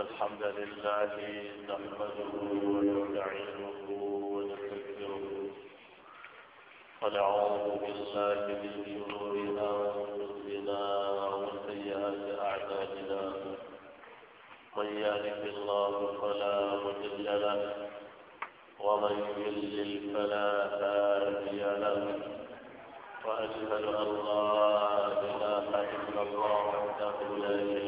الحمد لله نحمده ونعينه ونستغفره ونعوذ بالله من شرور انفسنا وسيئات أعدادنا من يهده الله فلا مضل له ومن يضلل فلا هادي له واشهد ان لا اله الا الله وحده لا شريك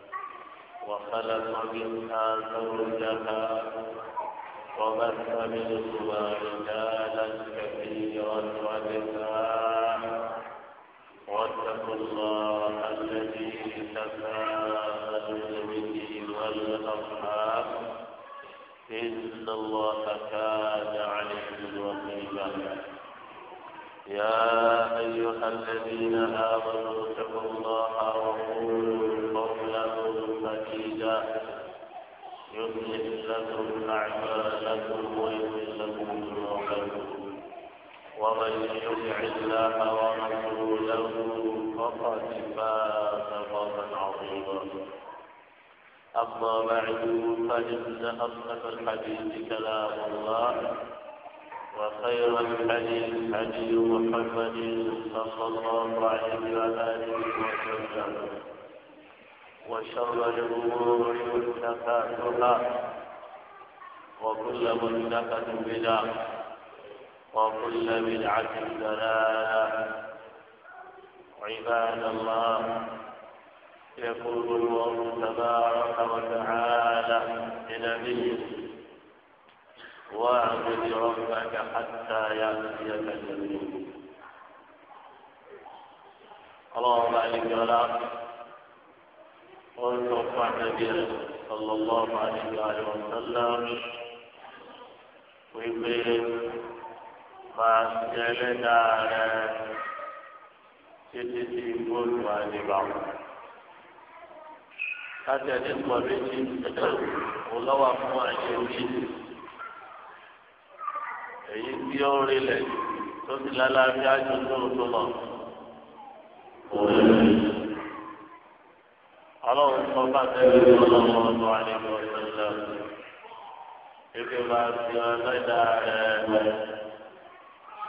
وخلق منها زوجها وبث منهما رجالا كثيرا ونساء واتقوا الله الذي تساءلون به والارحام إن الله كان عليكم رقيبا يا أيها الذين آمنوا اتقوا الله وقولوا قولا الله يصلح لكم أعمالكم ويغفر لكم ذنوبكم ومن يطع الله ورسوله فقد فاز فوزا عظيما أما بعد فإن أصدق الحديث كلام الله وخير الحديث حديث محمد صلى الله عليه وآله وسلم وشر الأمور محدثاتها وكل محدثة بدعة وكل بدعة ضلالة عباد الله يقول الله تبارك وتعالى لنبيه واعبد ربك حتى يأتيك اليقين اللهم عليك ولا ويوفى النبي صلى الله عليه وسلم ويقول ما سجل دارا تتتي قول واجبا حتى تقوى بيتي ولو أقوى عجبي èyí tí ó rí lẹ̀ tó ọlọ́run sọ bá tẹ́lẹ̀ ọlọ́run àlejò ọ̀sẹ̀lẹ̀ ètò bá ti ọlọ́dà rẹ̀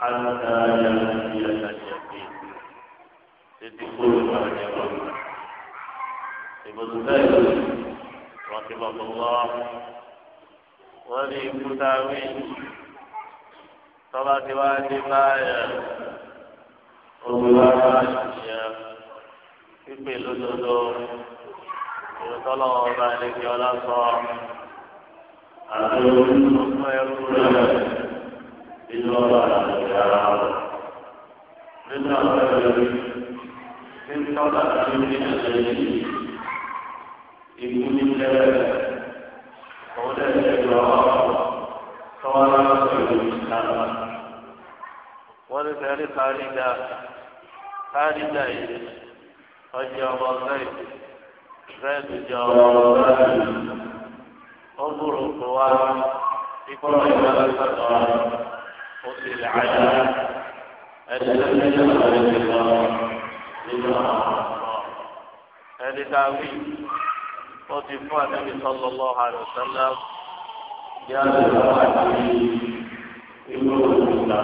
àlùkà yàrá ìyàtà jẹ̀bi títí kúrò lọ́jọ́ lọ́wọ́. ìbùdó bẹ́ẹ̀ wọ́n ti bọ̀ bọ̀ lọ́ wọ́n ní ikú táwí tọ́ba ti wá dé báyà lódodo ìrọ̀tọ́lọ́ ọba ẹlẹ́gbẹ́ ọlọ́sọ àti ọmọ ẹrú rẹ̀ nínú ọba àti ara rẹ̀ nínú ọba ẹrú tí ń tọ́ka sí ní ẹ̀jẹ̀ yìí ìlú ní tẹ́lẹ̀ òun dẹ̀ ṣe lọ tọ́wọ́ náà pẹ̀lú ìlànà wọ́n ní fẹ́ẹ́ rí kárídà kárídà yìí ọjọ́ ọmọ ọ̀gá ìdí. rẹ́ẹ̀dì jọ ó gbúrò pé wá ikú ọ̀rọ̀ ìgbà ó sì lè àyà tó ń a wí ó ti fún àdébí sọ́lọ́ lọ́ha rẹ̀ sẹ́lẹ̀ bí a lè lọ́wọ́ àti tó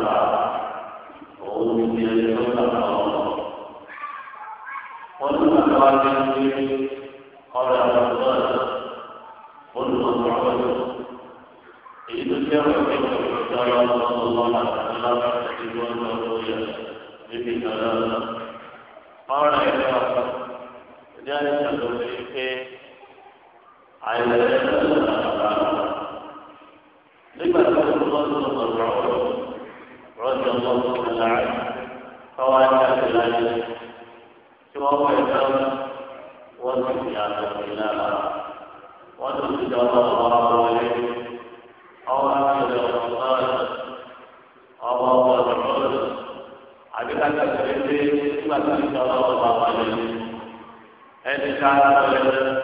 ń قال رمضان قل من عبد إذ تشرك الحجارة صلى الله عليه وسلم تجدون الرؤيا بك كلاما قال يا رب ذلك الذي على لما تقول الله رضي الله تعالى عنه فوعد ذلك سوى هو wọ́n ti fi àtọ̀ sí lára wọ́n ti fi dọ́tọ̀ ọ̀rọ̀ wọlé ọwọ́ àtẹ̀lẹ̀ ọ̀rọ̀ ọwọ́ ọ̀rọ̀ lọ́dọ̀ àbíkájà tẹ̀lé pé nígbà tí ìjọba ọ̀rọ̀ wọlé ẹni ká lọ́lẹ́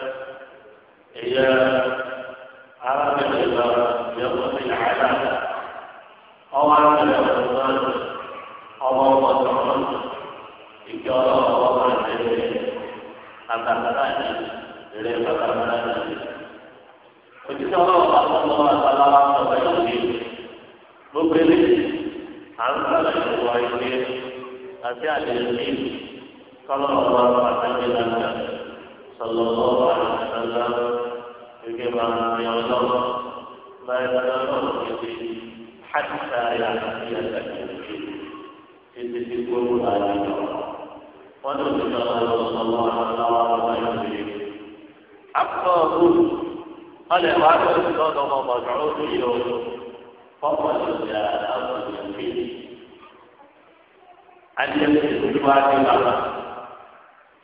adìyẹ tó ti wá dé bàbá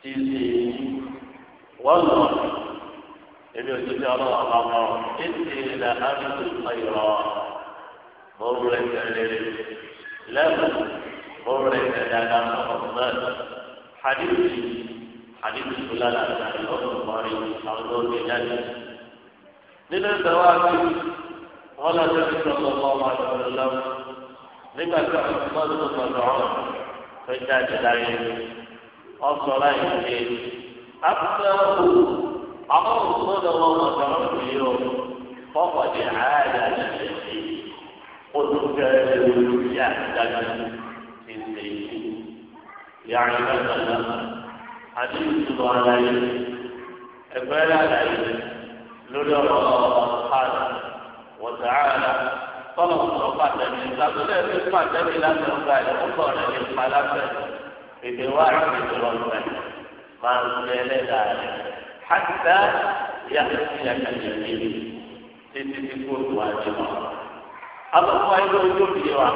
tí ń ṣe èyí wọ́n lọ ebi òjijì ọlọ́wọ́ ọmọ ètè ìlà àdúgbò ọ̀yọ́ bọ́ọ̀rù rẹ̀ tẹ̀lé lẹ́nu bọ́ọ̀rù rẹ̀ tẹ̀lé àdàmọ́ ọ̀gbọ́n hadithi hadithi kulala àti ọ̀gbọ́n àwọn ọ̀gbẹ́ jáde. nínú ìgbàwá mi wọ́n lọ sí ọ̀gbọ́n ọmọ àti ọ̀gbọ́n nígbà tí ọ̀gbọ́n tó tọ̀dọ̀ ọ̀rọ̀. tó jáde láyé ọsọ láyé ṣe akpẹ́wò àwọn òṣèlú wọn ọ̀dọ́ ọ̀dọ́ yìí o fọkàndé àyàdà ṣẹṣẹ olùkẹ́ lórí àtijọ́ ti ṣe yàrá ìgbàgbọ́ àti ìṣúná aláyé ẹgbẹ́ aláyé lórí ọ̀rọ̀ tọ́lọ̀ ń lọ pàtẹ́mì ìgbàgbọ́dẹ̀ ní pàtẹ́mì láti ọgbà ẹ̀ ó kọ̀ ọ̀rẹ́ ní palábẹ́ èdè wá àti ìdúró ọgbà ẹ̀ máa ń lé ẹlẹ́dàá rẹ̀ hàtìdá yàtọ̀ sí ẹ̀kẹ́kẹ́ kiri títí tí kò tó àjẹ mọ́. àbúkọ ẹgbẹ́ ojú mi wà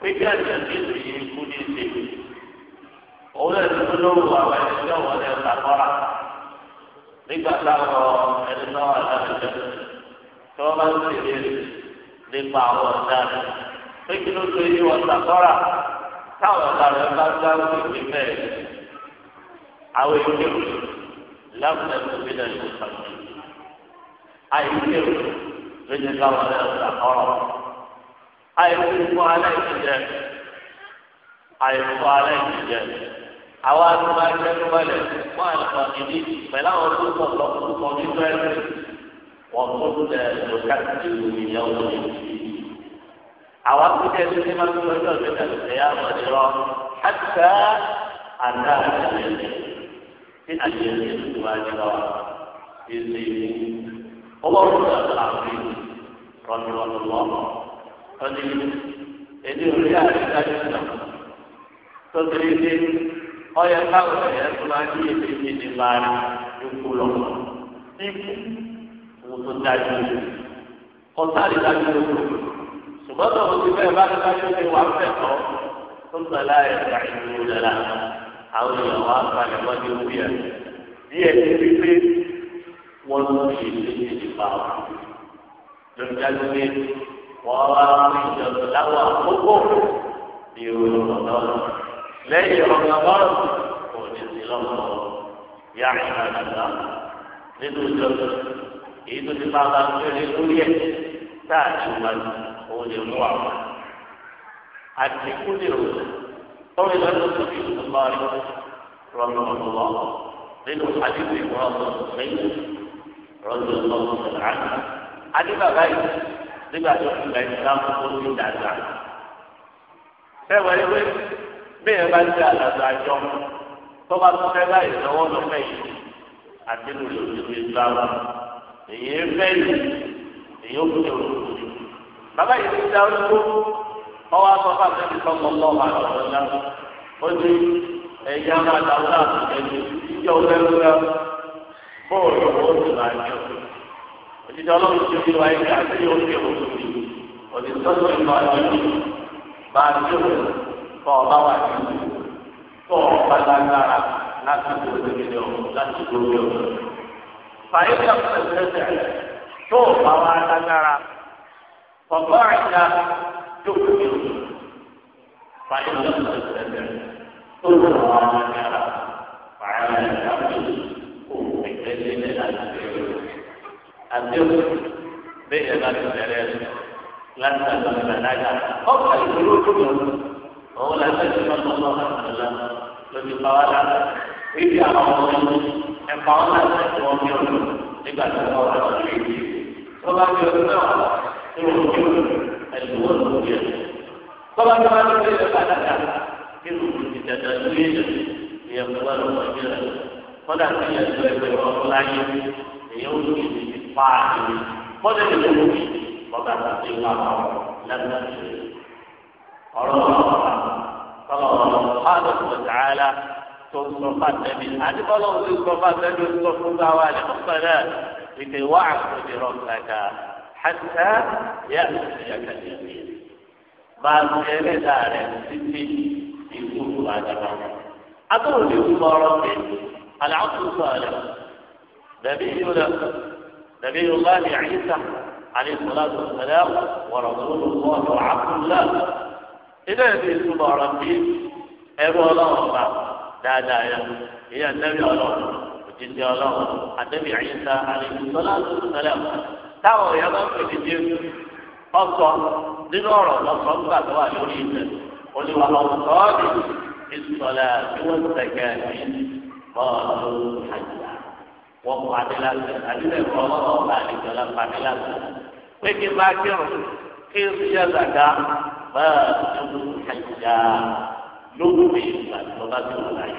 pé kí àjẹ mi lè yí ní ìṣèlú. òun náà ti lóru àwọn ẹni tí wọ́n lè ta kọ́ra nígbà táwọn ẹni náà wà láti jẹ tí wọ́n bá ń ṣèlérí nípa àwọn ọ̀daràn pé kí ló tó yí wọn sàkọ́rà táwọn ọ̀daràn bá gbá òkè bẹ́ẹ̀ àwọn ìkéwù lábùdàbù bínú ìlú pàṣẹ àìkéwù lójú káwọn ọ̀daràn sàkọ́rà àìkéwù fún alẹ́ ìjẹ àìkéwù fún alẹ́ ìjẹ àwọn àti wọn ajẹ́ ló wọlé wọn àlùfáà kìíní pẹ̀lú àwọn tó sọ̀tọ̀ tó sọ̀ nínú ẹgbẹ́. وقلنا نكفر من يوم الدين عوامل كلمة الرجل من القيامة جرى حتى أتاها اليمين في اليمين واجرى باليمين ومرنا بالعظيم رحمه الله فليل إن الرياء لا يسلم تدريس ọyọ káwọn ẹyẹ tó máa ń yé ebi ní tó dájú ọ̀sán ìdájú lóko ṣùgbọ́n tó ti bẹ́ẹ̀ bá ti dájú ní wàá fẹ́ tọ́ tó ń bẹ̀ láyé ìgbà ìlú lẹ́la àwọn èèyàn wàá balẹ̀ wọ́n ní orí ẹ̀ bí ẹ ti rí pé wọ́n ló ṣe léṣe ìgbà wọn lórí dájú pé wọ́n wá rí ìjọba láwọn àkókò ní ìròyìn ọ̀dọ́ lẹ́yìn ọ̀gá bọ́ọ̀lù kò ní sí lọ́wọ́ yá nínú ìjọba èyí tó ti bá a bá tó lé lórí ẹ̀ tá a ti wá òun lè mú àwọn. àdínkù lè rò tọ́wé lọ́dọ̀ tó fi ìlú bá rí rọ́nà lọ́wọ́ nínú àdínkù ìwọ́n tó fẹ́yìn rọ́nà lọ́wọ́ sọ̀rọ̀ àdínkù àbáyé nígbà tó fi gba ìsìlámù tó ní dàgbà. sẹ́wọ̀n ewé bẹ́ẹ̀ bá ń tẹ àdàdo àjọ tó bá tún fẹ́ báyìí lọ́wọ́ lọ́fẹ̀ẹ́ yìí àdínkù lè rò èyí ń fẹ́ yìí èyí ó kú tẹ̀wé kú bàbá yìí ti dá olùkó ọwọ́ akọ́kọ́ àtẹ́bí sọ́kọ́ lọ́wọ́ àtọ́wọ́ ńlá ó ní ẹ̀yà máa dà ìjọ ti ọlọ́run ti fi wáyé àjọyọ̀ bá a ti kọ́ ọ bá wà ní ìlú kọ́ fàyẹ̀kà pẹ̀lẹ́sẹ̀ tó àwọn alágbára ọ̀gá àjà tó kúrò fàyẹ̀kà pẹ̀lẹ́sẹ̀ tó àwọn alágbára fàyẹ̀kà pẹ̀lẹ́sẹ̀ kò pẹ̀lẹ́sẹ̀ láti àdéhùn bẹ́ẹ̀ láti bẹ̀rẹ̀ láti àgbàdo àdága ọ̀gá ìdúró tó lọ òun làbẹ́ ìdúró tó lọ lórí pàwọ́dà ìdí àwọn ọmọ ẹni ẹ̀fà wọn láti ṣe wọn bí ọdún nígbà tí wọn wà lọ sí ìdí. tó bá bí ọdún náà tí wọn bí ọdún ẹ̀dùn wọn ló bí ẹ̀dùn. tó bá bí wọn bí ọdún ẹ̀fà dàda kí ló ń ti dàda lórí ẹ̀dùn ìyẹn fún wọn lọ́wọ́ ẹ̀mí rẹ̀. wọ́n dà sí ẹ̀dùn ẹgbẹ́ wọn fún láyé èyàn ó lóye ti ti pa àdìrí. wọ́n dẹ̀ lè lóye bọ́tà àti ìwà ọ̀rọ̀ tó ń sọ fàtẹ́mi àdìbọ́lọ́ ń sọ fàtẹ́mi ń sọ fún báwa ni wọ́n fẹ́ náà ìpè wá àkùnrin rọ̀ǹkàkà hàtà yà ìyàkà ìyàkà máa ń ṣe ẹlẹ́dàá rẹ̀ títí ìkúrú àdàbà. akọ̀rò lè wú mọ́ ọ̀rọ̀ mi aláàtúntò àlẹ́ dàbí dàbí yúlá ní àyíká àlẹ́ ìsọ̀lá tó ṣẹlẹ̀ wọ̀rọ̀ tó lù mọ́ ọ̀rọ̀ ilé ìdí ọ̀rọ̀ mi ẹ̀rọ ọlọ́run bá dáadáa yẹn èyí àtẹ́bí ọlọ́run òjijì ọlọ́run àtẹ́bí àyíká àlejòsọ́lá sọlẹ̀ táwọn èèyàn bá ń pè ní jésù ọ̀sọ̀ nínú ọ̀rọ̀ lọ́sọ̀ nígbà tó wà lórí ìtẹ̀ oníwà ọ̀sọ́ọ̀dì ìsọ̀lẹ̀ tí wọ́n tẹ̀kẹ́ ní bọ́ọ̀lù àjà wọ́n pàdé láti àdílẹ̀ kọ́ ọ̀gá àlejòlá pàdé láti pé kí n bá kírun kí n fi zàgá bẹ́ẹ̀ tó àjà lóko mi ìgbà tí wọn bá tó wọn láyé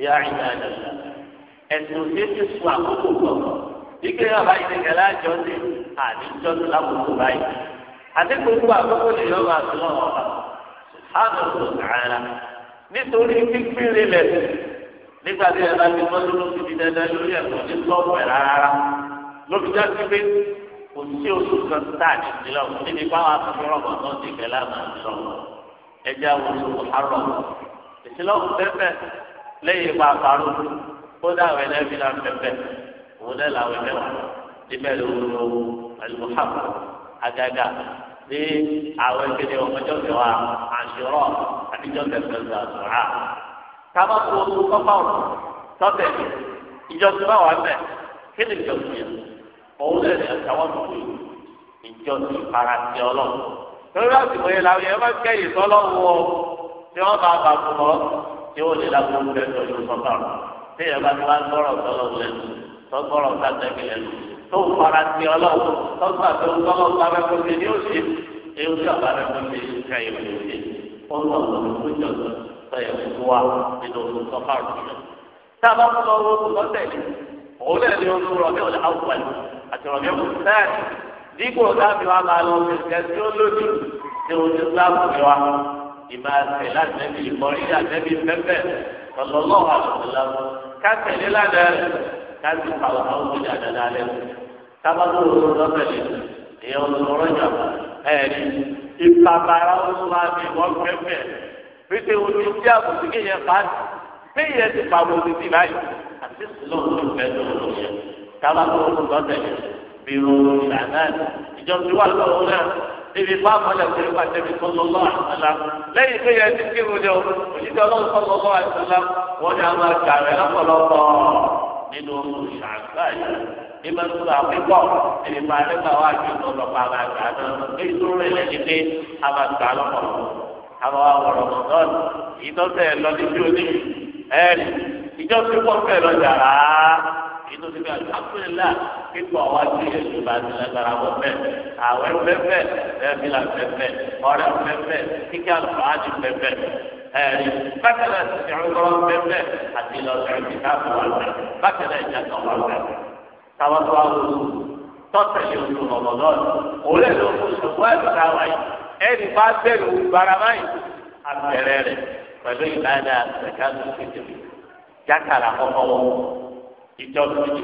ìyá ìgbà àdàlà ẹsùn tí ti sùn àkókò kọ ike yóò bá yìí kẹlẹ àjọ ní àdìjọ tó lákòókò báyìí àti gbogbo àkókò lè yọ máa tún ọ̀rọ̀ ọba sùhánù tó sàrà nítorí pípínlẹ lẹsẹ nígbà tí ẹ bá ti mọdún ló ti di dandan lórí ẹ̀kọ́ ní sọọbù ẹ rárá lóbi já sí pé kò sí oṣù kan tá àdìjọ níbi báwa tó rọgbọ náà ti kẹlẹ àmà ìjọba ẹja wo ló wò arọ ìsìlọ́kù pẹ́pẹ́ lẹ́yìn ipa àparò kódà àwọn ẹlẹ́bí náà pẹ́pẹ́ òun náà làwọn ẹlẹ́wà níbẹ̀ ló ń lo alimuhamu agaga ní àwọn ìkéde ọmọjọ́ kẹwàá àṣírọ́ àtijọ́ kẹfẹ́lẹ́ àtúrà kábà tó o tó kọ́kọ́ tọ́tẹ̀ ìjọsìn bá wà mẹ́ kí ni ìjọsìn yẹn òun náà lórí àsìkò yẹn làwọn yẹn máa ń kẹ́yìn sọ́lọ́wọ́ tí wọ́n bá bá fún ọ tí wọ́n lè lágbo ń bẹ́ẹ̀ lórí sọ́kà rẹ̀ tí yẹn bá ti wá gbọ́rọ̀ sọ́lọ́wọ́ lẹ́nu sọ́gbọ́rọ̀ sátẹ́kì lẹ́nu tó fara sí ọlọ́wọ́ sọ́gbà tó ń gbọ́rọ̀ sábẹ́ kó ṣe ní òṣè ewu tí ṣe kẹ́yìn lórí òṣè ó ń lọ lórí kójọ sọ́yẹ̀ dípò láti wá máa lọ sí ìṣẹ́ tí ó lòdì tí o ti gbá fún wa ìmọ̀ àti láti ẹbí ìmọ̀rí àtẹ́bí pẹ́pẹ́ ọ̀lọ́lọ́ àlùfẹ́lá kásẹ̀lé ládàá kásì pàwọ́ àwọn ọmọdé àdàdà rẹ̀ sábàbọ̀ òun lọ́sẹ̀lẹ̀ èèyàn olùrọ̀ yà ẹ̀ẹ́dì ìpàbàrà olùwà mi wọ́n pẹ́pẹ́ pété ojú tí àbùsí kéèyàn pa péyẹ ti pàwọ́ òsì báyìí àti sùlọ́ọ̀ bírò ìlànà ìjọba ìwà lọ́wọ́ náà níbi bá àmọ́lẹ̀ òkèlè wà débi sọlọ́lọ́ àtàlà lẹ́yìn tó yẹ ti kírun ní o òṣìṣẹ́ ọlọ́run sọlọ́lọ́ àtàlà wọ́n ní a máa rẹ̀ lọ́pọ̀lọpọ̀ nínú ṣàǹgbá yìí ní máa ń ẹni máa rẹ̀ bá wà ju ọlọ́pàá máa gbà náà èyí tó rẹ̀ lẹ́ni pé a máa lọ́pọ̀lọpọ̀ àwọn àwòrán mọ̀tọ́n èyí tó ti bẹ alhamdulilah kíkọ wa ti èso bá ti lágbára bọ bẹ àwẹ pẹpẹ ẹbílà pẹpẹ ọrẹ pẹpẹ kíkẹ alùpàdé pẹpẹ ẹẹri bákẹlẹ ìrúkọrọ pẹpẹ àti ìlọsẹ ìdíkàfọ wà lẹ bákẹlẹ ìjàkọ wà lẹ táwọn tó wà lóṣù tọ́tẹ̀lé oṣù rọ̀mọ̀lọ́ọ̀nù òlẹ̀ ló kó ṣùgbọ́n ẹ̀sùn táwa yìí ẹnì bá bẹ̀rù gbàrà báyìí àbẹ̀rẹ̀ rẹ̀ pẹ̀lú ìlànà ṣẹ̀ká tó ti dìbò jákàrà kọ́kọ́ wọn ìjọ tuntun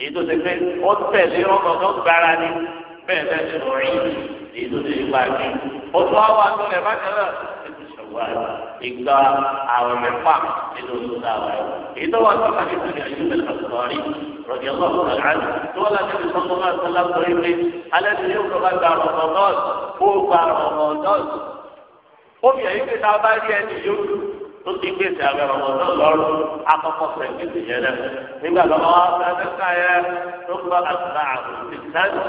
èyí tó ṣe pé ó tẹ̀lé ọmọ tó gbára ní bẹ́ẹ̀ bẹ́ẹ̀ ṣe wọ́n rí èyí tó ṣe wá ní. ó tún àwọn àtúnlẹ̀ bákan náà ètò ìṣòwò ìgbà àwọn mẹ́fà nínú oṣù táwọn ẹ̀wọ̀n. èyí tó wà sọ́kà ní ìpínlẹ̀ ayélujára lọ́sọ̀rọ̀ rí rọ̀bì ọlọ́run àlù tó wọ́n láti fi sọ́kọ́ máa sọ lápẹ̀rẹ̀ pé alẹ́ ti yóò lọ́ba gba rọ̀mọ̀dọ́ọ̀sì tó ti gbèsè àgbẹ̀ rọ̀mọ̀tán lọ́rùn akọ́kọ́ sẹ̀kìtì yẹn lẹ́nu nígbà tó wọ́n sáré káyẹ tó gbọ́ àtúrà àwọn ti sáré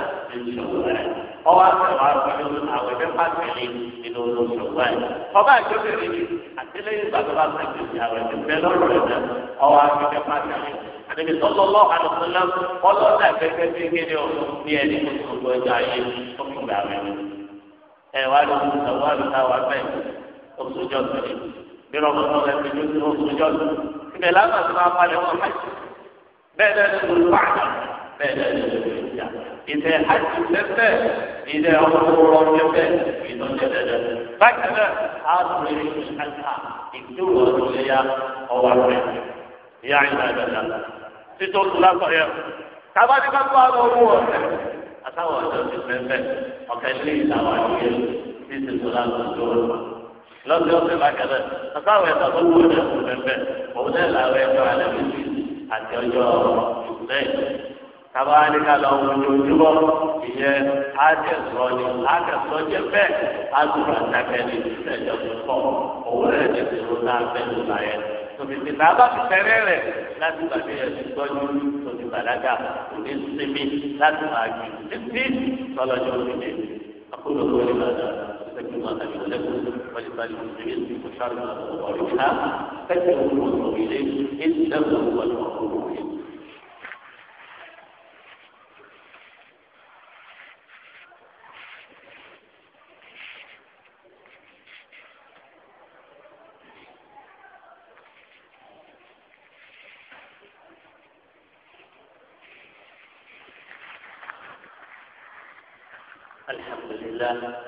ìṣòwò rẹ̀ ọwọ́ àtẹ̀wọ́ àgbẹ̀lú àwọn ẹgbẹ́ pàtẹ́lẹ̀ nínú olóṣòwò ẹ̀ ọba ìjọbìnrin ni àtẹlẹyìn ìgbà tó bá sẹ̀kìtì àwọn ẹgbẹ́ bẹ́ẹ̀ lọ́rùn rẹ̀ ọwọ́ àgbẹ̀lẹ̀ pàtẹ́lẹ̀ àdèmí sọ́tọ̀ lọ́wọ́ àdùnkúnlá ọlọ́dà gẹ́gẹ́ bí kéde ọ̀hún ní ẹni tó tó gbọ́dọ̀ ayé tó fún gbàgbé ẹ̀ wá lóhùn sọ̀wọ́ àdùnkà wà bẹ́ẹ̀ tó sójọ́ sọ̀rọ̀ nínú ọmọ náà lẹ́nu ìjọ tó ń sojọ́ lọ. ibẹ̀ láwọn àti máa palẹ̀ wọn hajj bẹ́ẹ̀ náà ló ń wà bẹ́ẹ̀ náà ló ń jà. ìtẹ̀ hajj lẹ́fẹ̀ ìtẹ̀ ọmọ òwúrọ̀ lẹ́fẹ̀ ìtọ́jẹ́ lẹ́fẹ̀. bákan náà a tún lè fi àgbà ìdúró ọdún títọ́ tó lásọ̀ yẹ. tábàdí bá tó àwọn owó ọ̀sẹ̀ àtàwọn ọ̀sẹ̀ ti fẹ́ fẹ́ ọ̀kẹ́ lé ìdáwà lọ́sẹ̀ ọ̀sẹ̀ bákẹ́lẹ̀ ọ̀sáwọ̀ ẹ̀sọ́ tó wọ́n ní ẹ̀kú pẹ̀pẹ̀ òun náà làwọn ẹ̀sọ́ alẹ́ mi àti ọjọ́ ìgbẹ́ tàbá ní ká lọ wọn lójúmọ́ ìyẹn àjẹsọ ni àjẹsọ jẹ bẹ́ẹ̀ àgùrà dákẹ́ ní ìṣẹ̀jọ tó pọ̀ òun rẹ̀ ní ìṣòro náà bẹ́ẹ̀ ló bá yẹn tòmìtì náà bá fi tẹ̀rẹ̀ rẹ̀ láti gbàgbé yẹn ti gbọ́jú tòmìtì bàdágà òní sinmi láti máa gbé títí tọ́lọ́jọ́ òní dé akólókòó ní bàdágà. تسجلوا ما أجل لكم ولسان المسلمين وشاركوا أخبارها فاتقوا الوصول إليه إنه هو الغفور الرحيم الحمد لله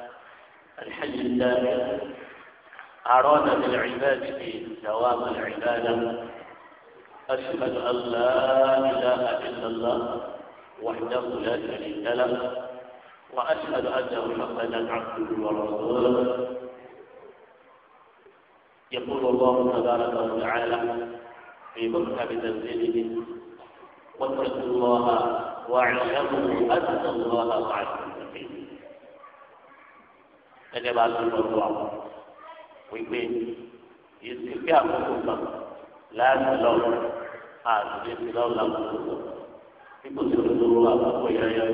أن لا إله إلا الله وحده لا شريك له وأشهد أن محمدا عبده ورسوله يقول الله تبارك وتعالى في مكتب تنزيله واتقوا الله واعلموا أن الله مع المتقين ẹni bá tún lọ lọ àwọn wípé yìí ti fi àkókò kan láti lọ àti ìdílé ọ̀la gbogbo tí kò sí olùdóró àkókò yẹyẹ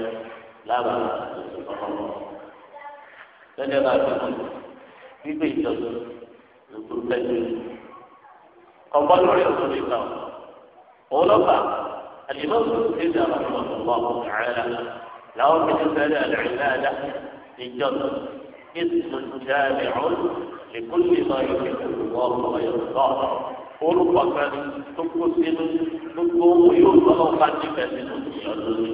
lára ìṣòro lẹ́yìn náà ti kú gbígbé ìjọba lóko lẹ́yìn ọgbọ́n lórí ọ̀sán nípa òun lọ́ba àdìmọ́ tó ti dà ọ̀pọ̀ ọ̀pọ̀ ààrẹ làwọn fi ti fẹ́rẹ̀ àdìmọ́ ìjọba اسم جامع لكل ما يحبه الله ويرضاه orúkọ kan tó kó sínú gbogbo ohun yóò tọ́lọ̀ bá ti fẹ̀sìn ló ti yọ lórí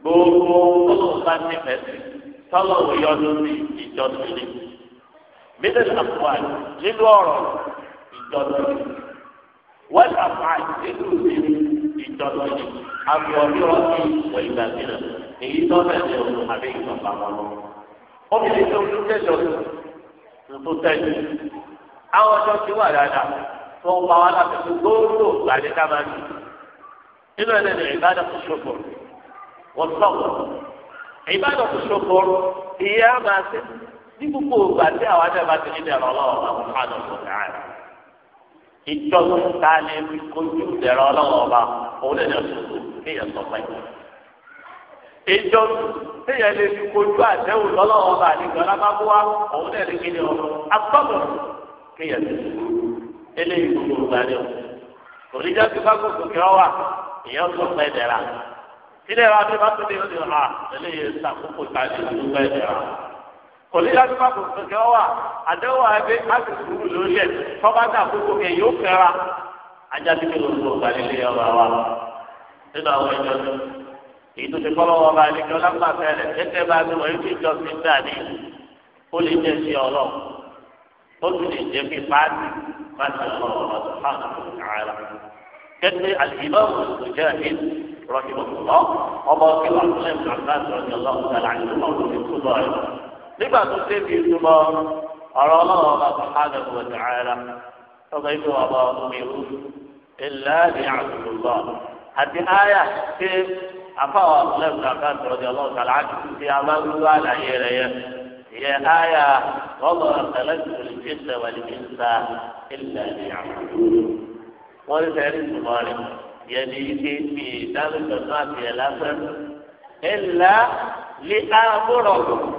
gbogbo tọ́lọ̀ bá ti fẹ̀sìn tọ́lọ̀ yọ lórí ìjọsìn ni mílíọ̀nù àpòàlì nínú ọ̀rọ̀ ìjọsìn wọ́n àpòàlì nínú ìrírí ìjọsìn àbí ọ̀bí ọ̀bí wọ̀ ìgbà mìíràn èyí tó bẹ̀rẹ̀ ọ̀rọ̀ àbí ìgbà pàmò. obìnrin tó ń tẹ̀sọ̀ tó tẹ̀sọ̀ àwọn ọjọ́ ti wà dáadáa tó ń pa wá láti fi gbóòórò gbàdé ká máa dùn nínú ẹ̀rẹ́ ni ìbádà tó ṣòfò wọ́n sọ̀rọ̀ ìbádà tó ṣòfò ìyá máa ṣe ní gbogbo ògbà tí àwọn adé bá ti ní ìdẹ̀rọ̀ ọlọ́wọ́ àwọn ọ̀hánà ọ̀gá rẹ̀ ìjọba ta lè fi kojú ìdẹ̀rọ̀ ọlọ́wọ́ ọba òun lè lọ sọ̀tò kéèyàn sọ pé ìjọba kéèyàn lè fi kojú àdéhùn lọ́lọ́wọ́ ọba àdìgbọ́n lábábọ́wá òun kéèyàn ti sùn eléyìí gbogbo ìgbà ni o òrìjà ti bá gbogbo kí ọ wà èèyàn tó pẹ́ dẹ̀ra ilé wa ti bá tó dé òde ọ̀la eléyìí sàkókò ìtàgé tó pẹ́ dẹ̀ra òrìjà ti bá gbogbo kí ọ wà àdéhùn ẹgbẹ́ láti sùúrù lórí ẹ̀ tọ́ba dà gbogbo kí yóò fẹ́ra ajá ti fi gbogbo ìgbà nílé ọba wa nínú àwọn ẹjọ́ tó èyí tó ti kọ́lọ́ wọn bá kí ọlọ́pàá fẹ́rẹ̀ tẹ́tẹ́ قلت للجميع ما شاء الله سبحانه وتعالى كان الإمام المجاهد رحمه الله أبا كبر عبد الله بن عباس رضي الله تعالى عنه قول في الكبار لما تسير في الكبار أرى الله سبحانه وتعالى فضيت وما أمروا إلا ليعبدوا الله هذه آية في أفا عبد الله بن عباس رضي الله تعالى عنه في أمان الله لا يريه هي آية وما خلقت الجن والإنس إلا ليعبدون ولذلك المعلم يليك في ذلك ما في الأثر إلا لآمركم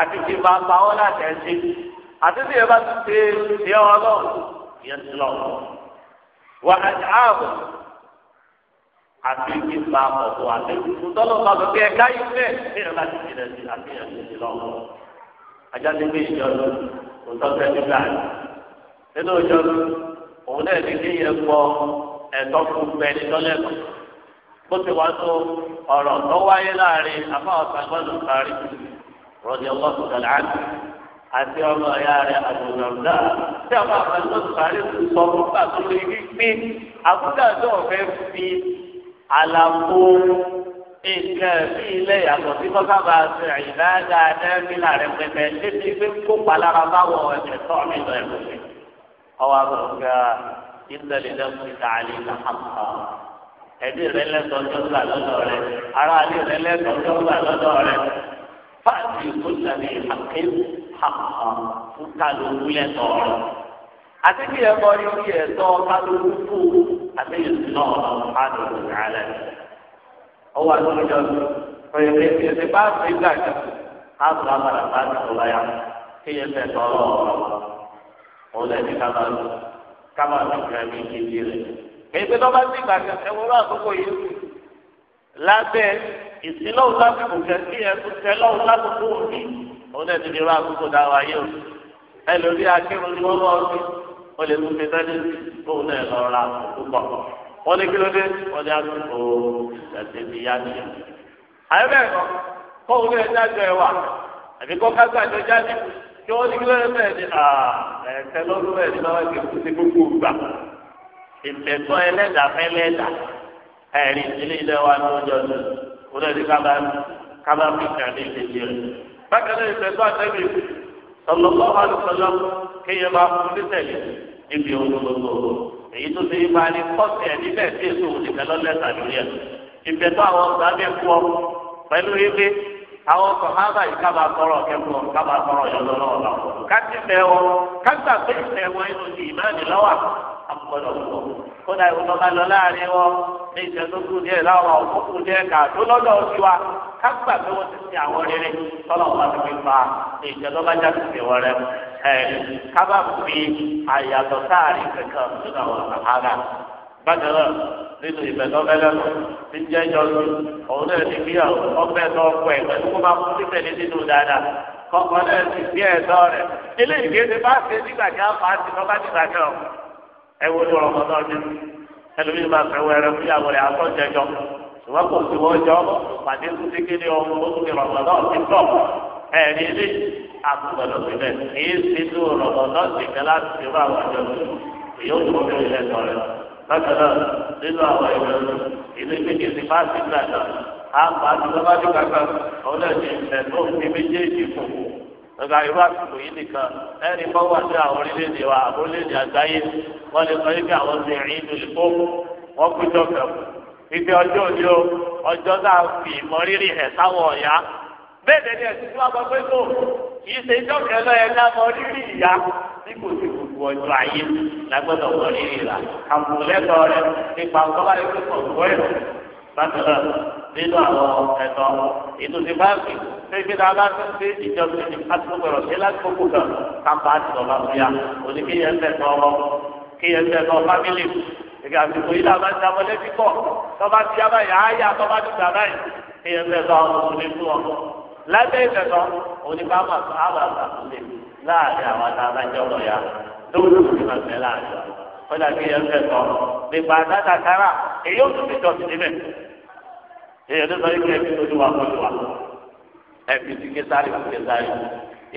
àti tí bá pa ọ́ láti ẹ̀sìn àti tí yẹn bá àti nípa ọ̀pọ̀ àtẹ̀kùn tọ́lọ̀ bá sọ pé ẹ̀ka yìí fẹ́ bẹ́ẹ̀ bá ti jìnà sí àfihàn ìdíje lọ́wọ́. ajáde pé ìjọba kò tọ́jú ẹni gbà ní. nínú ìjọba òun náà ní kéèyàn gbọ́ ẹ̀tọ́ fún bẹ́ẹ̀ni lọ́lẹ́kọ̀. bó ti wá tó ọ̀rọ̀ tó wáyé láàrin afáwọn sàgbọ́dọ̀ kárí rọ̀dí ọlọ́sùn dàlá àti ọmọ ẹ̀yà rẹ̀ àdùnnàmdà tí a máa fẹ́ lọ́sùn kárí sọ fún bàtúrò ibi pé àbúdà tó ọ̀fẹ́ fi àlàfo nǹkan bí ilé yàtọ̀ tí kò sábà ṣe àyìnbá dáadáa nílà rẹ pẹpẹ lébi pé kó palára báwọ ẹsẹ tọ́ mi lọ ẹ̀ lọ́sẹ̀. ọwọ́ àbúrò ga ilé lílẹ̀ fún ìtàlẹ́ ìlà àpá ẹ̀dí rẹ lẹ́tọ̀ọ́ tó gbà lọ́dọ̀ rẹ ara àlè rẹ lẹ́tọ̀ọ́ tó gbà lọ́dọ̀ rẹ fáàtì tó tàbí àkéwù àpá fún kálukú lẹ́tọ̀ọ́ rẹ. àti kí ẹ bọ́ àtẹ̀yìn náà ọ̀nà àdùnkù ìhàlẹ̀. ọwọ́ àtúnjọ pẹ̀lú ẹ̀sẹ̀ bá fẹ́ gbà jù káàtó àbàlà bá ti tó láyà fẹ́ tọ́ kábà lọ kábà lọ kí n èyí pé ti gbà jù àkókò yìí lábẹ́ ó lè tún fi sẹ́ni fóun náà lọ ra púpọ̀ wọ́n ní kí ló dé wọ́n ní àtúntò ìṣẹ̀ṣẹ̀ ti yá ni. àyè bẹ́ẹ̀ kọ́ fóun náà dájọ́ ẹ wà àbí kọ́ ká gbàjọ́ jáde kí wọ́n ní kí ló dé bẹ́ẹ̀ ni ẹ̀ẹ́dẹ́ lọ́dún bẹ́ẹ̀ ni bá wà kéwù sí gbogbo gbà. ìfẹ̀tọ́ ẹlẹ́dà fẹ́ lẹ́dà ẹ̀rí ilé ilé wa ní ọjọ́ ní wọ́n ní kábàámi kábàámi kàn ní ìdíje rẹ̀. bákan náà ìfẹ̀tọ́ sọlọ́lọ́ àlùfọ́lọ́ kéèyàn bá fún nítẹ̀lé níbi ohun gbogbo èyí tó ti bá ní kọ́sì ẹ̀ níbẹ̀ tí èso òun nìkan lọ́lẹ́sà lórí ẹ̀ ìfẹ́ tó àwọn sábẹ́ kú ọ pẹ̀lú ewé àwọn sọ̀hábà yìí kábà tọrọ kẹ́kọ̀ọ́ kábà tọrọ yọ lọ́wọ́ lọ́wọ́ kájí mẹ́wọ́ kájí àgbẹ̀ wọn inú agbọ́dọ̀ pọ̀ kódà ìwọ́n lọ láàrin wọn ní ìṣẹ́ tó láwọn òkú díẹ̀ kà tó lọ́dọ̀ sí wa ká pé wọ́n ti sin àwọn rere tọ́lọ̀ wọn ti fi fa ìṣẹ́ tó bá jáde wọn rẹ ẹ̀ kábà fi àyàtọ̀ sáàrin kankan nínú àwọn sàhárà bákan náà nínú ìbẹ̀tọ́fẹ́ lẹ́nu ti jẹ́ yọjú òun náà ti fi ọgbẹ́ tó ọkọ̀ ẹ̀ pẹ̀lú kó máa fún sípẹ̀ ní nínú dáadáa kọ́kọ́ náà ti fi ẹ̀tọ́ rẹ̀ eléyìí kéde bá ṣe nígbà ẹ wo ní ọmọ náà ní ẹlòmíín máa fẹ́ wẹrẹ fún ìyàwó rẹ̀ àtọ́jẹjọ ṣùgbọ́n kò sí wọ́n jọ pàdé tó ti kéde ọmọ tó ti rọ̀mọ̀ náà ti tọ̀ ẹ̀rí ilé àtúgbọ̀dọ̀ síbẹ̀ èyí ti tó rọ̀mọ̀ náà ti kẹ́ láti fi wá àwọn ọjọ́ ìyóò tó fi ilẹ̀ tọ̀ rẹ̀ lọ́jọ́ náà nínú àwọn ìlú ìlú méjì ti bá sí gbàgbà àpá àti lọ́bàdì gbàgbà ọ̀nà ìṣẹ̀lẹ̀ tó fi méjèèjì fòfò ọ̀gá irú àsìkò yìí nìkan ẹni bọ́ wà sí àwọn orílẹ̀-èdè wa àwọn orílẹ̀-èdè àgbáyé wọ́n lè sọ wípé àwọn ti rìn ìdòlè fún wọn kújọ kẹ̀kọ́ ìgbẹ́ ọjọ́ òní o ọjọ́ tá fi ìmọ̀ rírì hẹ̀ sáwọn ọ̀yá bẹ́ẹ̀ dẹ́ni ẹ̀sìn tí wọ́n gbọ́ pé kò kì í ṣe ìjọ kẹlẹ́ ẹ̀ ká mọ rírì ìyá tí gbogbo ọjọ́ ayé lágbọ́dọ̀ mọ rírì bákẹ́lá nínú àwọn ẹ̀tọ́ ìtòsí báńkì pépé náà bá tún sí ìjọba ìdí àtúgbọ̀rọ̀ sí láti kókó kan kápá àtìlọ́ba fúyà òní kí yẹn tẹ̀tọ́ ọmọ kí yẹn tẹ̀tọ́ fámìlì ìgbà àsìkò yìí làwọn ti àwọn ẹlẹ́bí pọ̀ tọ́ba ti yá báyìí àáyá tọ́ba ti gbà báyìí kí yẹn tẹ̀tọ́ òní fún ọ lábẹ́ ìtẹ̀tọ́ òní bá máa sọ àwọn àgbà kọ́lá kí ẹ ń sọ nípa dáadáa èyí ò tún fi jọ́sìn níbẹ̀ èyí ló sọ yìí kí ẹbí tó ti wà pọ̀jù wa ẹbí ti ké sáré ti ké sáré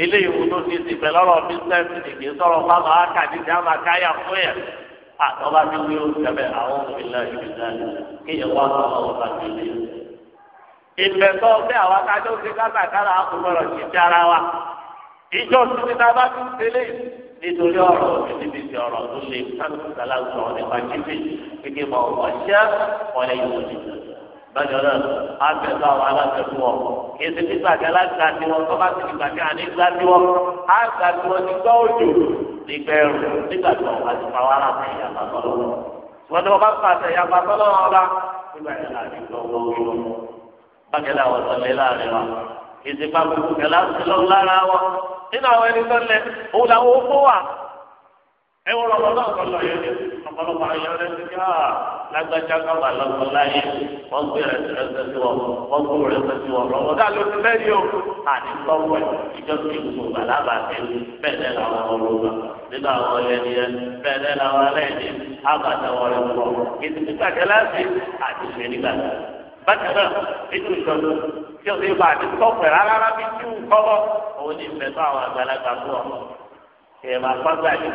ilé ìwò tó ti ti bẹ̀ lọ́rọ̀ bísíǹsì ti kì fáwọn a fún ó àwọn wá sọ lé àwọn ti ti ara nítorí ọ̀rọ̀ níbi ti ọ̀rọ̀ tó lè sáńtàlá sọ̀rọ̀ nípa jíjí gẹ́gẹ́ bá ọ̀pọ̀ ṣẹ́ ọ̀lẹ yóò di. bájọ náà á bẹ̀rẹ̀ àwọn aláṣẹ fún ọ kì í ṣe nígbà tí aláṣẹ ti wọn tọ́ bá ti nígbà tí àní gbá tí wọn á gbà tí wọn ti gbọ́ òjò nígbà ẹ̀rù nígbà tí wọn bá ti pa wàrà fún ìyàpá tọ́lọ́ wọn tí wọn bá pa ìyàpá tọ́lọ́ wọn bá nígbà tí wọn òjò bájọ náà wọ nínú àwọn ẹni tó lẹ òun làwọn owó wà ẹ wọ lọ lọ lọ yẹn ni ọ̀pọ̀lọpọ̀ àwọn yẹn ti ká ah, lágbájá káwà lọ́kọ̀ láyé wọ́n gbé rẹ̀ sẹ́sẹ́ sí wọn wọ́n gbó rẹ̀ sẹ́sẹ́ sí wọn lọ́wọ́ dá ló ti lẹ́yìn o àti tọ́wọ́ ìjọ kí n gbòògbà lábàáfẹ́ bẹ́ẹ̀ làwọn ọmọ ọmọ nínú àwọn ẹni yẹn bẹ́ẹ̀ làwọn ẹlẹ́yìn àbàtà wọn lọ́wọ́ kìtìkìtà kẹlẹ́ àti àti ìṣẹ́ nígbà bákan náà ètò ìjọba tí o lè bá àti tọ́pẹ̀ rárá bí tí o kọ́ òun ní ìfẹ́ tó àwọn àgbàlagbà tó ọ kẹ̀yẹ̀ máa pa gbà yìí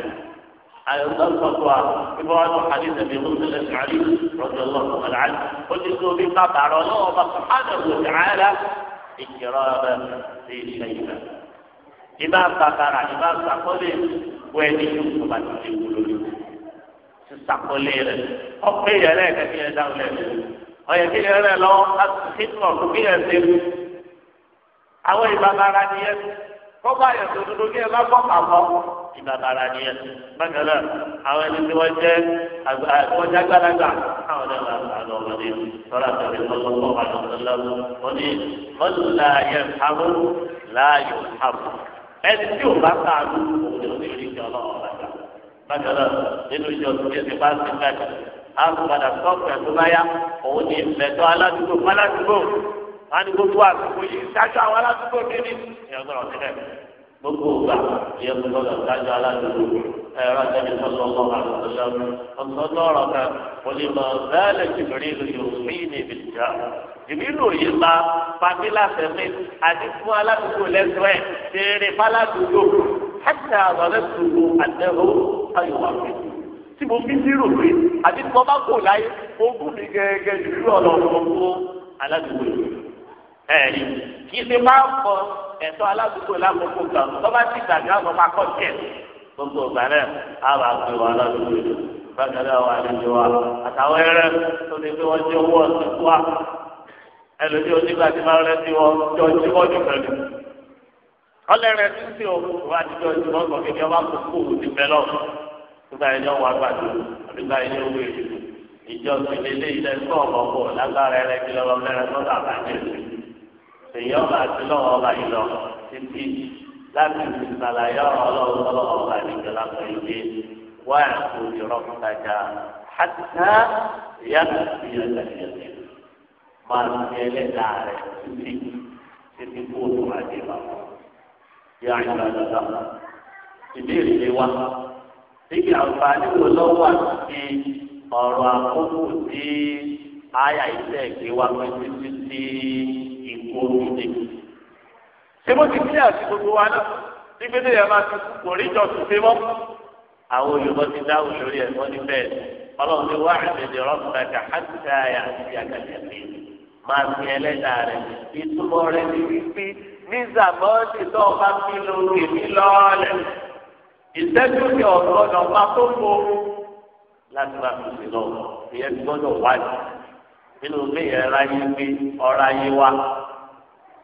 ayọ̀tọ̀ sọ̀tọ̀ à ibà wà lọ́wọ́ àti ìsẹ̀mí ìmúlẹ̀ ṣàlì rọ̀jò lọ́wọ́ ọ̀làlì ó ti tó bí bàbá rọ̀ lọ́wọ́ bá sùhánà ló dàáyà ìkìrọ̀ rẹ̀ sí ilẹ̀ ìgbà ìbá sàkàrà ìbá sàkọ́lé wẹ́ẹ́ni yóò bá ti di wúlò sísàkọ́lé rẹ̀ ọ̀pẹ̀ yẹn lẹ́ẹ̀kẹ́ ọyẹ kí lè rẹ lọ asùnkìtìmọ kò bí yẹn ṣe lu àwọn ìbàbàrà nìyẹn kọba yẹn tó dúdú kí ẹ bá gbọ́ pàmò ìbàbàrà nìyẹn bákan náà àwọn ẹni tí wọn jẹ àwọn jágbàlagbà àwọn ẹni wọn bá lọ wọlé tọ́lá tẹ̀lé lọ́wọ́ àlọ́sọ́lá wọn ni wọn là yẹ hàmú láàyò hàmú ẹni tí ò bá sàánú òun ni òun ní ìrìnkì àgbàdà sọ́ọ̀kì àtúbáyá òun ni ìfẹ̀tọ́ aládùúgbò aládùúgbò aládùúgbò àgbègbè yìí ṣáájú àwọn aládùúgbò kiri ìyàgbọ́n ọ̀tẹ́lẹ̀ gbogbo ọgbà ìyẹn kò lọ dájọ aládùúgbò ẹ̀rọ àtẹ̀mí sọ́sọ́ ọlọ́run àtọ́sọ́rọ́ ọ̀sọ́dọ́ ọ̀rọ̀ kan kò lè mọ bẹ́ẹ̀lẹ̀ jìbìrì ìlú yorùbá ní ìbìjà ìbílù yìí ma pàmí láfẹ̀mí àti fún aládùúgbò lẹ́sọ̀ ẹ̀ tèrè fàládùúgbò hẹ́tẹ̀ àgbàlẹ́sùgbò àtẹ̀hó ayọ̀wà pẹ̀lú tí mo fi dírò pé àti tí wọ́n bá kò láyé ogún mi gẹ́gẹ́ jùlọ ọlọ́run fún aládùúgbò yìí. ẹ̀rí kì í ṣe máa ń kọ ẹ̀tọ́ aládùúgbò lákòókò kan tó bá ti gbàgbé àwọn ọmọ akọ́ tẹ̀ gbogbo ìgbà náà á bá gbé wọn aládùúgbò yìí bákan náà wà nínú wa àtàwọn ẹrẹ tó lè gbé wọn jẹ owó ọ̀sìn wa ẹlòmíì onígbà tí máa rẹ sí wọn jọ jí wọn jù pẹ̀lú ọlẹ́rẹ̀ tí ń sè o wá ti jọ ìdìbò kékeré wá kó kó o ti bẹ lọ nígbà yẹn ni wọ́n wá gbàdúrà nígbà yìí ó wé ìjọ ìdílé ilẹ̀ tó ọ̀pọ̀ pọ̀ lágbára ẹ̀rẹ́ kí lọ́wọ́ mẹ́rin tó dàgbà jẹ́ èyí ọba àti lọ́wọ́ ọba yìí lọ títí láti ìsàlàyé ọ̀rọ̀ ọlọ́run tọ́lọ́ ọba nìkan lápẹ̀ ìgbé wá ẹ̀kọ́ ìrọ̀ kútajà hàtà ìyàtọ̀ ìyàtọ̀ ìyàtọ̀ máa ń fi ẹlẹ́dàá rẹ̀ títí títí kó o tó máa dé bá yà ìgbà lọ́dọ̀ ìbéèrè wa níbi àǹfààní wo lọ́wọ́ àti ọ̀rọ̀ àkókò tí àyà iṣẹ́ ìgbé wa pẹ́ títí sí ìkóró dé. ṣé mo ti kí àti gbogbo wa náà nígbà tí ìyá máa ti kú kò rí jọ tún mọ́. àwọn olùkọ́ ti dáhùn lórí ẹ̀fọ́ ní bẹ́ẹ̀ ọlọ́run ti wá àgbẹ̀dẹ̀ rọ́pùtà kà á àyà àti àgàdì àgbè máa fi ẹlẹ́dàá rẹ̀ ìtumọ̀ rẹ̀ ní wípé ní ìtẹ́jú ni ọ̀gbọ́dọ̀ máa tó fo láti máa fi sí lọ ìyẹn ti gbọ́dọ̀ wájú nínú ilé yẹn ráyé gbé ọ̀rá yé wá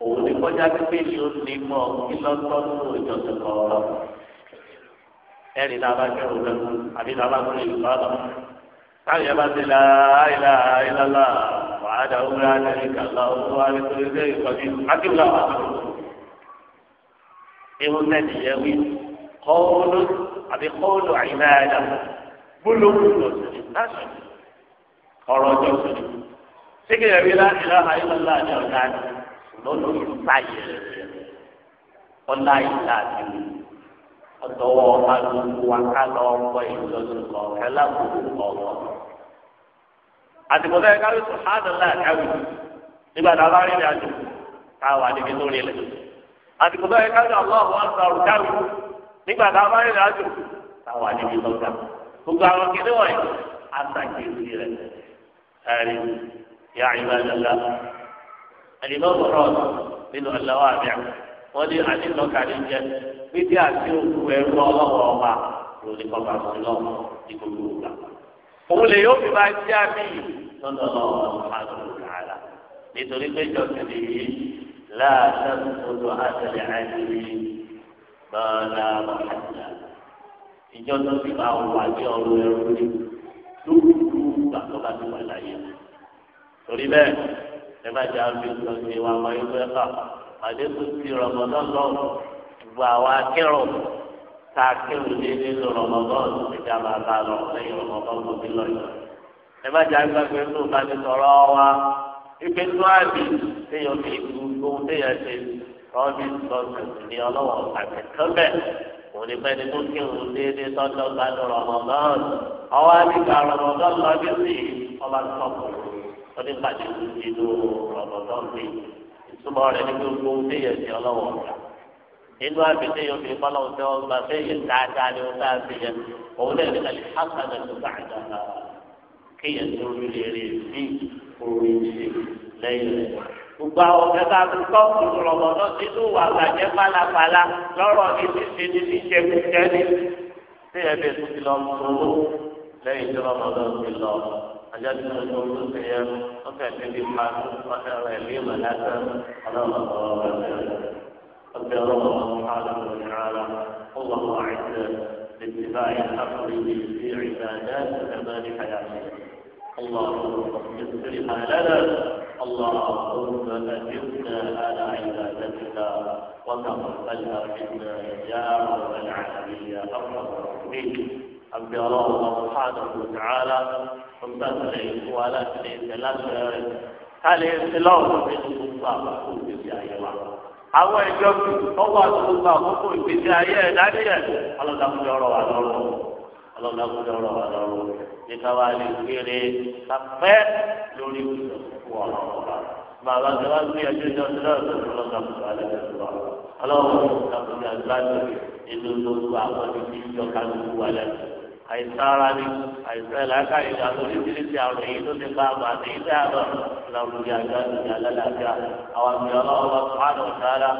òun ní kọjá pípé ni ó ní mọ kí lọ́tọ́ tó ìjọsìn kan lọ. ẹ̀rì náà bá jẹ́ òun lẹ́nu àbí náà bá gbé ìlú lọ́dọ̀. táyà bá ti la àìlà àìlàlà wàhádà ó múra lẹ́yìn kàlá owó àrítorí lẹ́yìn kọjú àti ìlú àwọn àti ìlú. ewu tẹ̀lé yẹ kọ́ọ̀lù àbí kọ́ọ̀lù àyìnbáyà gbólóhùn lọ́sọ̀rọ̀ láṣọ ọ̀rọ̀ ọjọ́ sọ̀rọ̀ sígi ẹ̀rí láìlá àyílọ́lá àti ọ̀gá ni lọ́nà ìsáyẹ̀ ọ̀la ìlà àti ọ̀dọ́wọ́ alùpùpù wa ká lọ ọkọ̀ ìlọsùn kọ̀ọ̀kẹ́ lábùkù ọ̀wọ́. àtìkọ́tà ẹ̀ka ló sùn hádùnlá àkáwì nígbà tá a bá rí ìrìn àjò káwà níbi tó ilẹ̀. àtìkọ́tà ẹ̀ka nígbà tá a bá rìnrìn àjò táwa níbi lọ́gà gbogbo àwọn kìnnì wọ̀nyí àtàkìrì rẹ̀ ẹ̀rí yà ìbàdàlà àlìmọ́ bọ̀rọ̀ nínú ọ̀làwọ̀ àbíà wọ́n ní àdínlọ́kà ní jẹ́ pípé àti òkú ẹrú ọlọ́wọ́ ọba lórí kọ́ba sí lọ́wọ́ ní gbogbo ìgbà. òun lè yóò fi máa jẹ́ àmì lọ́dọ̀ lọ́wọ́ nítorí pé jọ́sìn bàálà wàhálà ìjọ tó ti bá wà ní ọrùn ẹrú ni lókùtù gbàtọ́ bá ti wà láyé torí bẹ́ẹ̀ ẹ má jẹ́ àwọn ìjọ ti wà wọ́n ẹgbẹ́ fà àdéhùn ti rọmọdán lọ́wọ́ gbogbo àwọn akẹ́rọ̀ tá a kẹ́rù lé nínú rọmọdán ìjà máa bá lọ lẹ́yìn rọmọdán tó ti lọ yìí ẹ má jẹ́ àgbàgbé tó bá ti sọ̀rọ̀ wa ìgbésùn àbí téèyàn fi gbogbo téèyàn ṣe rọ́bì sọ́sẹ̀sì ní ọlọ́wọ́ àti kẹ́mbẹ̀ kò ní pẹ́ ní tó kí òun déédéé tọ́jọ́ gbádùn rọmọdán ọwọ́ àdìgbà rọmọdán lọ́bí sí ọba tọ́pù ó ní pàdé nínú rọmọdán mi ìtumọ̀ rẹ̀ ní gbogbo déyẹ̀ sí ọlọ́wọ́ ọ̀gá inú àbíté yóò fi kọ́ lọ́wọ́ tẹ́ ọ gbà fẹ́ yẹ dáadáa ni ó bá fi òun náà ní kàlí hásánà tó bá àjà kéèyàn tó rí rèé rí orí ṣe lẹ́yìn rẹ̀ gbogbo àwọn kẹta tó tọ́kù rọ̀bọ̀ náà nínú wà gbàjẹ́ pálapàla lọ́rọ̀ ní ṣíṣe ní ní ṣẹ́kùtẹ́ ní. ṣé ẹ bẹ tó ti lọ sọ́wọ́ lẹ́yìn tí wọ́n lọ sí lọ ajáde tó ń lọ sí yẹn wọ́n fẹ́ níbi máa wọ́n fẹ́ rẹ̀ ní ìmọ̀ lásán ọlọ́run ọ̀rọ̀ rẹ̀ ọ̀bẹ ọlọ́run ọ̀rọ̀ اللهم اغفر لنا اللهم اجبنا على عبادتنا وتقبلنا منا يا رب العالمين يا ارحم الراحمين àbí ọlọ́run ọ̀hánà ọ̀dàrà ọ̀gbàgbé ìfowó aláṣẹ ìtẹ̀láṣẹ rẹ̀ káàlẹ̀ ìtẹ̀láwọ̀ nínú gbogbo àkókò ìgbésí ayé wa. àwọn ìjọ ọwọ́ àti gbogbo àkókò ìgbésí ayé ẹ̀ dáníyẹ̀ ọlọ́dàkùnrin ọ̀rọ̀ wa lọ́rọ̀ ọlọ́run agbọ́dọ̀ ọ̀rọ̀ wà lọ́rùn ní ká wá lè kéré kápẹ́ lórí ìṣòkò ọ̀rọ̀ ọ̀rọ̀ bàbá tó wá gbé ẹjọ́ ìjọ tó lọ́rùn tó lọ́rùn tó lọ́rùn tó lọ́rùn tó lọ́rùn tó lọ́rùn inú gbogbo àwọn ibi ìjọ kálukú wà lẹ́nu àìsára ni àìsá ìlàkà ìgbà tó ní bírísì àrùn èyí tó ti bá àgbà àti ìdá àbọ̀ lọ́rùn ní àgbà ní alálàáfíà àwọn àmì ọlọ́run bá fún àdùn sára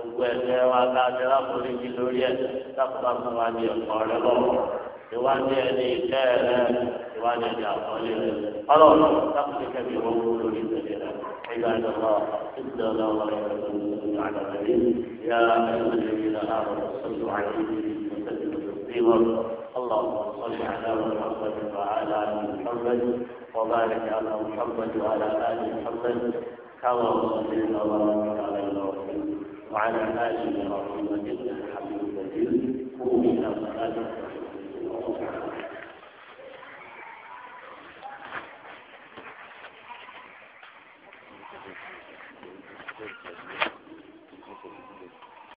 gbogbo ẹ̀ṣẹ̀ wa ká àti rákòrí ní lórí ẹ̀ sáfùbá fún wa ní ẹ̀kọ́ rẹ̀ bọ̀. ìwádìí ẹni kẹrẹ ìwádìí ẹni àkọọlẹ rẹ ọlọ́run táwọn ẹgbẹ́ mi wọn kú lórí ìgbẹ́lẹ̀ rẹ ẹgbẹ́ ẹni ọlọ ìgbẹ́ ọlọ ọlọ ẹgbẹ́ ọlọ àgbàlẹ yà ẹgbẹ́ ẹni ọlọ ọsọlọ àyè ìwọ̀n اللهم صل على محمد وعلى ال محمد وبارك على محمد وعلى ال محمد كما صليت وبارك على ابراهيم وعلى ال ابراهيم انك حميد مجيد قوم الى صلاتك